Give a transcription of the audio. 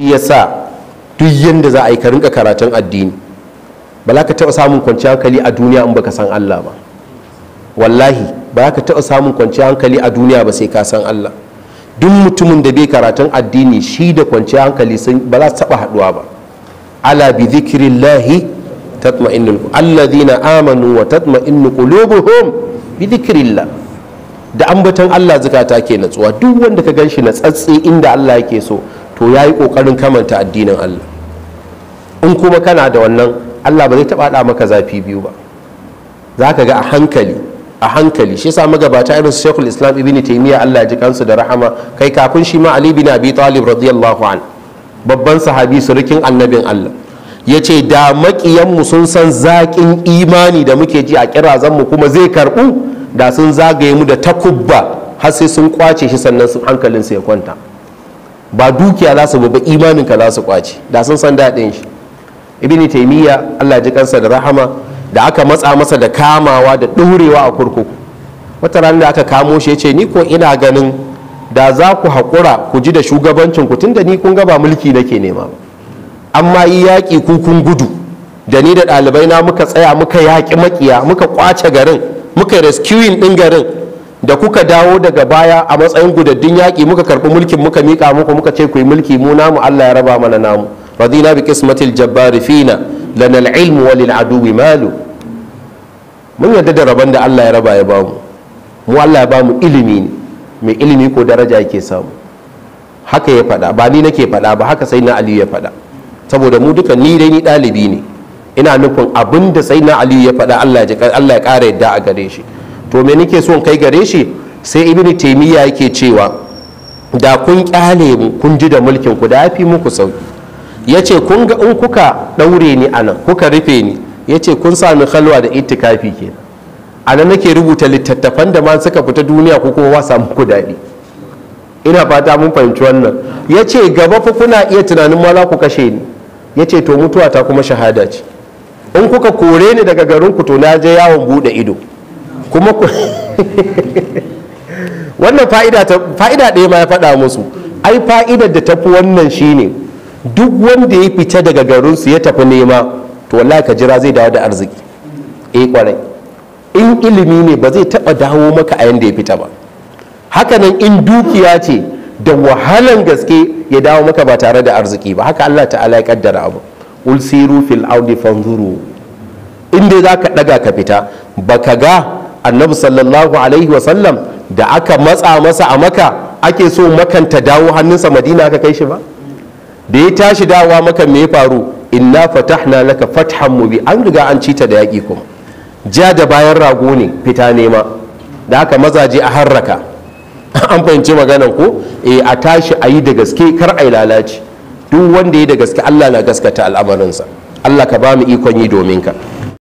ya sa duk yadda za a yi ka rinka karatun addini ba za ka taɓa samun kwanciyar hankali a duniya in baka san Allah ba wallahi ba za ka taɓa samun kwanciyar hankali a duniya ba sai ka san Allah duk mutumin da bai karatun addini shi da kwanciyar hankali ba za su taɓa haɗuwa ba ala bi zikirillahi tatma'innul alladhina amanu wa tatma'innu qulubuhum bi zikrillah da ambaton Allah zukata ke natsuwa duk wanda ka ganshi na tsatsi inda Allah yake so to ya yi ƙoƙarin kamanta addinin allah in kuma kana da wannan allah ba zai taɓa haɗa maka zafi biyu ba za ka ga a hankali a hankali shi sa magabata irin su shekul islam ibn taimiyya allah ji kansu da rahama kai kafin shi ma ali bin abi talib radiyallahu an babban sahabi surukin annabin allah ya ce da maƙiyanmu sun san zaƙin imani da muke ji a mu kuma zai karɓu da sun zagaye mu da takubba har sai sun kwace shi sannan hankalinsu ya kwanta ba dukiya za su ba imanin ka za su kwace da sun san daɗin shi ibini taimiyya Allah ji kansa da rahama da aka matsa masa da kamawa da ɗorewa a kurkuku wata rana da aka kamo shi ya ce ni ko ina ganin da za ku haƙura ku ji da shugabancin ku da ni kun gaba mulki nake nema amma yi yaƙi kukun gudu da ni da ɗalibai na muka tsaya muka yaƙi makiya muka kwace garin muka rescuing ɗin garin da kuka dawo daga baya a matsayin gudaddun yaƙi muka karɓi mulkin muka miƙa muku muka ce ku yi mulki mu namu Allah ya raba mana namu radina bi qismatil jabbar fina lana al-ilm wa lil aduwi malu mun yarda da rabon da Allah ya raba ya bamu mu Allah ya mu ilimi ne mai ilimi ko daraja yake samu haka ya faɗa ba ni nake faɗa ba haka sai na Aliyu ya faɗa saboda mu duka ni dai ni ɗalibi ne ina nufin abinda sai na aliyu ya faɗa allah ya ƙara yadda a gare shi to me nake son kai gare shi sai ibn taimiyya yake cewa da kun kyale mu kun ji da mulkin ku da fi muku sauki ya kun ga in kuka ɗaure ni anan kuka rufe ni ya ce kun sami khalwa da itikafi ke anan nake rubuta littattafan da ma suka fita duniya ko kowa samu ku dadi ina fata mun fahimci wannan yace gaba fa kuna iya tunanin ma za ku kashe ni ya to mutuwa ta kuma shahada ce in kuka kore ni daga garin ku to na je yawon buɗe ido kuma ku. wannan fa'ida ɗaya ma ya faɗa musu ai fa'idar da tafi wannan shine duk wanda ya fita daga garinsu ya tafi nema to wallahi ka jira zai dawo da arziki eh kwarai in ilimi ne ba zai taɓa dawo maka a yanda ya fita ba hakanan in dukiya ce da wahalan gaske ya dawo maka ba tare da arziki ba haka Allah ta'ala ya kaddara abu ulsiru fil audi fanzuru inda za ka ɗaga ka fita ba ka ga annabi sallallahu alaihi wasallam da aka matsa masa a maka ake so makan ta dawo hannunsa madina aka kai shi ba da ya tashi dawowa maka me ya faru inna fatahna laka fathan mubi an riga an cita da yaƙi kuma ja da bayan rago ne fita nema da aka mazaje a harraka an fahimci magana ko eh a tashi a yi da gaske kar a yi lalaci duk wanda ya da gaske allah na gaskata al'amarinsa allah ka ba mu ikon yi domin ka